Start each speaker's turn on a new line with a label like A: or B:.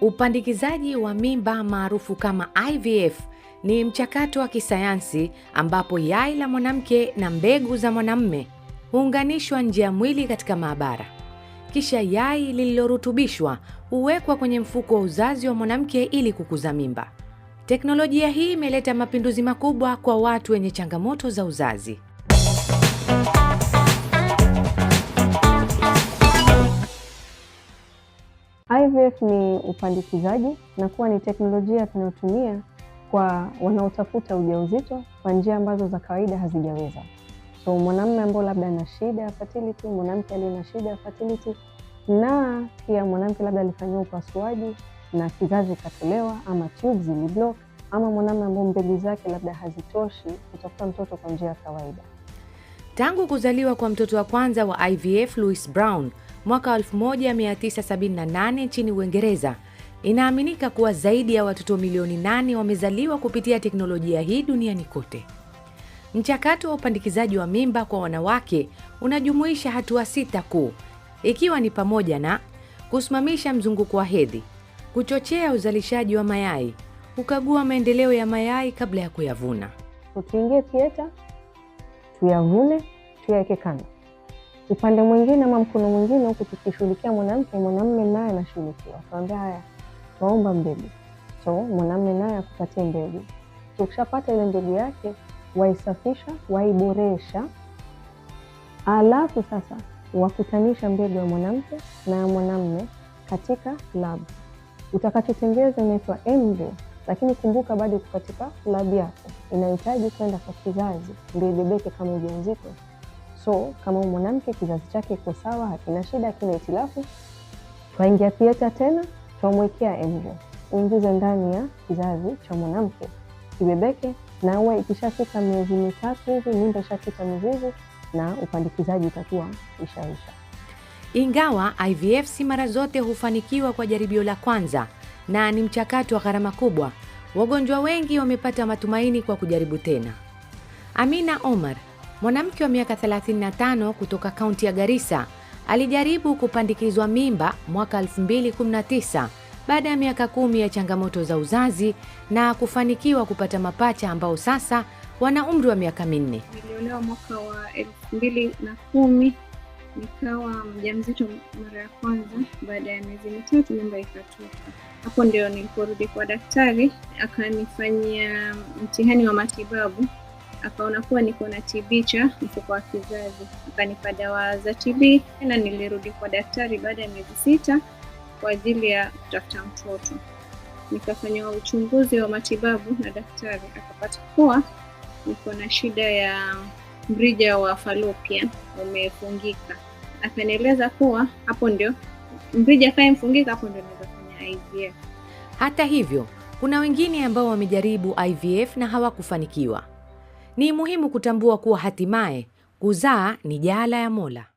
A: Upandikizaji wa mimba maarufu kama IVF ni mchakato wa kisayansi ambapo yai la mwanamke na mbegu za mwanamume huunganishwa nje ya mwili katika maabara. Kisha yai lililorutubishwa huwekwa kwenye mfuko wa uzazi wa mwanamke ili kukuza mimba. Teknolojia hii imeleta mapinduzi makubwa kwa watu wenye changamoto za uzazi.
B: REF ni upandikizaji na kuwa ni teknolojia tunayotumia kwa wanaotafuta ujauzito kwa njia ambazo za kawaida hazijaweza. So mwanamume ambao labda ana shida ya fertility, mwanamke aliye na shida ya fertility, na pia mwanamke labda alifanyiwa upasuaji na kizazi ikatolewa ama tube ama mwanamume ambao mbegu zake labda hazitoshi kutafuta mtoto kwa njia ya kawaida.
A: Tangu kuzaliwa kwa mtoto wa kwanza wa IVF Louis Brown mwaka 1978 nchini Uingereza. Inaaminika kuwa zaidi ya watoto milioni nane wamezaliwa kupitia teknolojia hii duniani kote. Mchakato wa upandikizaji wa mimba kwa wanawake unajumuisha hatua sita kuu, ikiwa ni pamoja na kusimamisha mzunguko wa hedhi, kuchochea uzalishaji wa mayai, kukagua maendeleo ya mayai kabla ya kuyavuna.
B: Tukiingia tieta, tuyavune, tuyaweke kando upande mwingine ama mkono mwingine huku tukishughulikia mwanamke, mwanamme naye anashughulikiwa. Tuambia haya, twaomba mbegu. So mwanamme naye akupatie mbegu. Tukishapata ile mbegu yake, waisafisha, waiboresha, alafu sasa wakutanisha mbegu ya mwanamke na ya mwanamme katika lab. Utakachotengeza inaitwa embryo, lakini kumbuka bado iko katika lab yako, inahitaji kwenda kwa kizazi ndio ibebeke kama ujauzito. So kama mwanamke kizazi chake iko sawa, hakina shida, hakina hitilafu, twaingia theatre tena, twamwekea embryo, uingize ndani ya kizazi cha mwanamke kibebeke, na huwa ikishafika miezi mitatu hivi mimba ishafika mizizi na upandikizaji utakuwa ishaisha.
A: Ingawa IVF si mara zote hufanikiwa kwa jaribio la kwanza na ni mchakato wa gharama kubwa, wagonjwa wengi wamepata matumaini kwa kujaribu tena. Amina Omar Mwanamke wa miaka 35 kutoka kaunti ya Garissa alijaribu kupandikizwa mimba mwaka 2019 baada ya miaka kumi ya changamoto za uzazi na kufanikiwa kupata mapacha ambao sasa wana umri wa miaka minne.
C: Niliolewa mwaka wa 2010 na nikawa mjamzito mara ya kwanza. Baada ya miezi mitatu mimba ikatoka. Hapo ndio niliporudi kwa daktari, akanifanyia mtihani wa matibabu akaona kuwa niko na TB cha mfuko wa kizazi, akanipa dawa za TB na nilirudi kwa daktari baada ya miezi sita kwa ajili ya kutafuta mtoto. Nikafanyiwa uchunguzi wa matibabu na daktari, akapata kuwa niko na shida ya mrija wa fallopian umefungika. Akanieleza kuwa hapo ndio mrija mfungika, hapo ndio naweza kufanya IVF.
A: Hata hivyo, kuna wengine ambao wamejaribu IVF na hawakufanikiwa. Ni muhimu kutambua kuwa hatimaye kuzaa ni jaala ya Mola.